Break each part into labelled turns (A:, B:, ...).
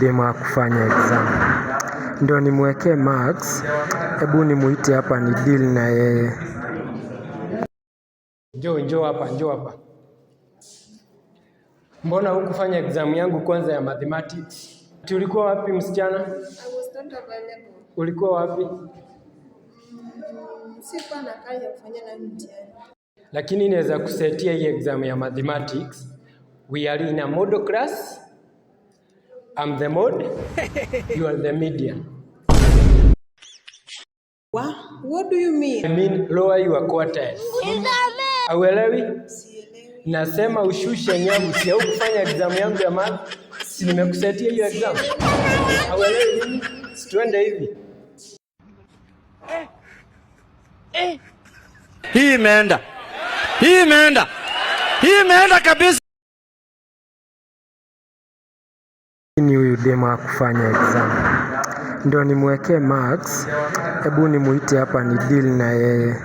A: vyema kufanya exam. Ndio nimwekee Max, hebu nimuite hapa ni deal na yeye.
B: Njoo njoo hapa, njoo hapa. Mbona hukufanya exam yangu kwanza ya mathematics? ulikuwa wapi msichana? I was
C: not available.
B: Ulikuwa wapi? Mm,
C: sikuwa na kazi ya kufanya na mtihani.
B: Lakini inaweza kusetia hii exam ya mathematics. We are in a model class. I'm the mode, you are the median.
D: What? What do you mean?
B: I mean lower your quarters. Auelewi? Nasema ushushe nyavu si au kufanya exam yangu ya math. Si nimekusetia hiyo exam. Auelewi nini? Twende hivi. Eh.
E: Eh. Hii imeenda. Hii imeenda. Hii imeenda kabisa.
A: lakini huyu dema kufanya exam. Ndio nimwekee Max, hebu nimuite hapa ni deal na yeye.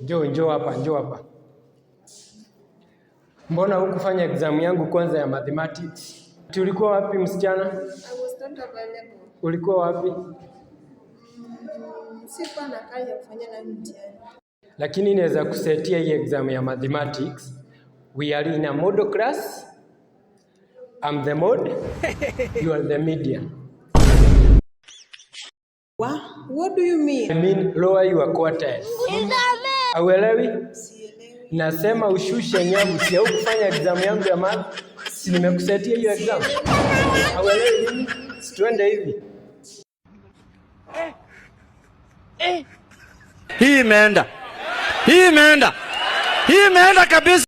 B: Njoo njoo hapa, njoo hapa. Mbona hukufanya exam yangu kwanza ya mathematics? Tulikuwa wapi msichana? I was
C: not available.
B: Ulikuwa wapi? Mm,
C: sikuwa na kazi ya kufanya na mtihani.
B: Lakini inaweza kusetia hii exam ya mathematics. We are in a model class. I'm the mode, you are the media.
D: What? What do you mean?
B: I mean lower your quarters. Auelewi? Nasema ushushe nyavu, si au kufanya exam yangu ya math. Si nimekusetia hiyo exam. Auelewi nini? Situende hivi. Eh. Eh. Hii imeenda. Hii imeenda. Hii imeenda kabisa.